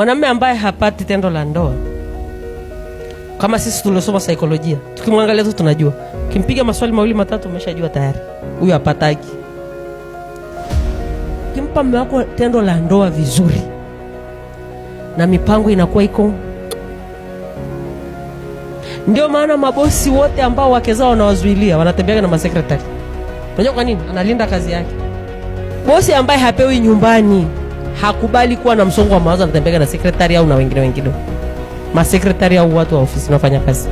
Mwanamume ambaye hapati tendo la ndoa, kama sisi tuliosoma saikolojia, tukimwangalia tu tunajua, ukimpiga maswali mawili matatu umeshajua tayari huyu hapataki. Ukimpa mume wako tendo la ndoa vizuri, na mipango inakuwa iko. Ndio maana mabosi wote ambao wake zao wanawazuilia wanatembeaga na masekretari. Unajua kwa nini? Analinda kazi yake. Bosi ambaye hapewi nyumbani hakubali kuwa na msongo wa mawazo, anatembea na sekretari au na wengine wengine, masekretari au watu wa ofisi wanaofanya kazi.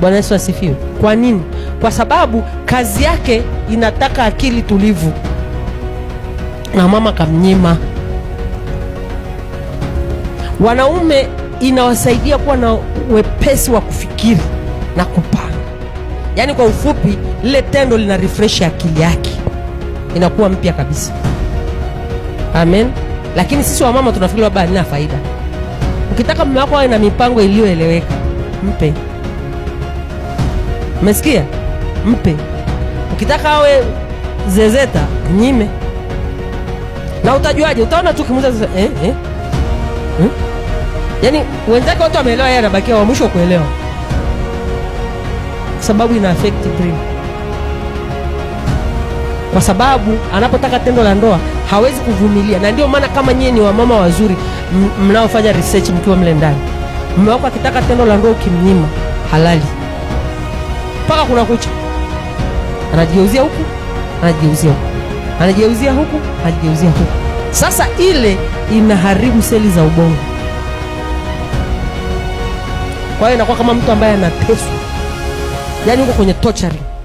Bwana Yesu asifiwe. Kwa nini? Kwa sababu kazi yake inataka akili tulivu, na mama kamnyima. Wanaume inawasaidia kuwa na wepesi wa kufikiri na kupanga, yaani kwa ufupi, lile tendo lina refresh akili yake, inakuwa mpya kabisa. Amen. Lakini sisi wamama tunafikiri labda hana faida. Ukitaka mume wako awe na mipango iliyoeleweka, mpe. Umesikia? Mpe. Ukitaka awe zezeta, nyime Na utajuaje? Utaona tu kimuza eh, eh. Hmm? Yaani wenzake watu wameelewa, yeye anabakia wa mwisho kuelewa, kwa sababu ina affect dream, kwa sababu anapotaka tendo la ndoa hawezi kuvumilia. Na ndio maana kama nyie ni wamama wazuri mnaofanya research mkiwa mle ndani, mume wako akitaka tendo la ndoa ukimnyima halali mpaka kuna kucha, anajigeuzia huku anajigeuzia huku anajigeuzia huku anajigeuzia huku. Sasa ile inaharibu seli za ubongo, kwa hiyo inakuwa kama mtu ambaye anateswa, yaani uko kwenye torturing.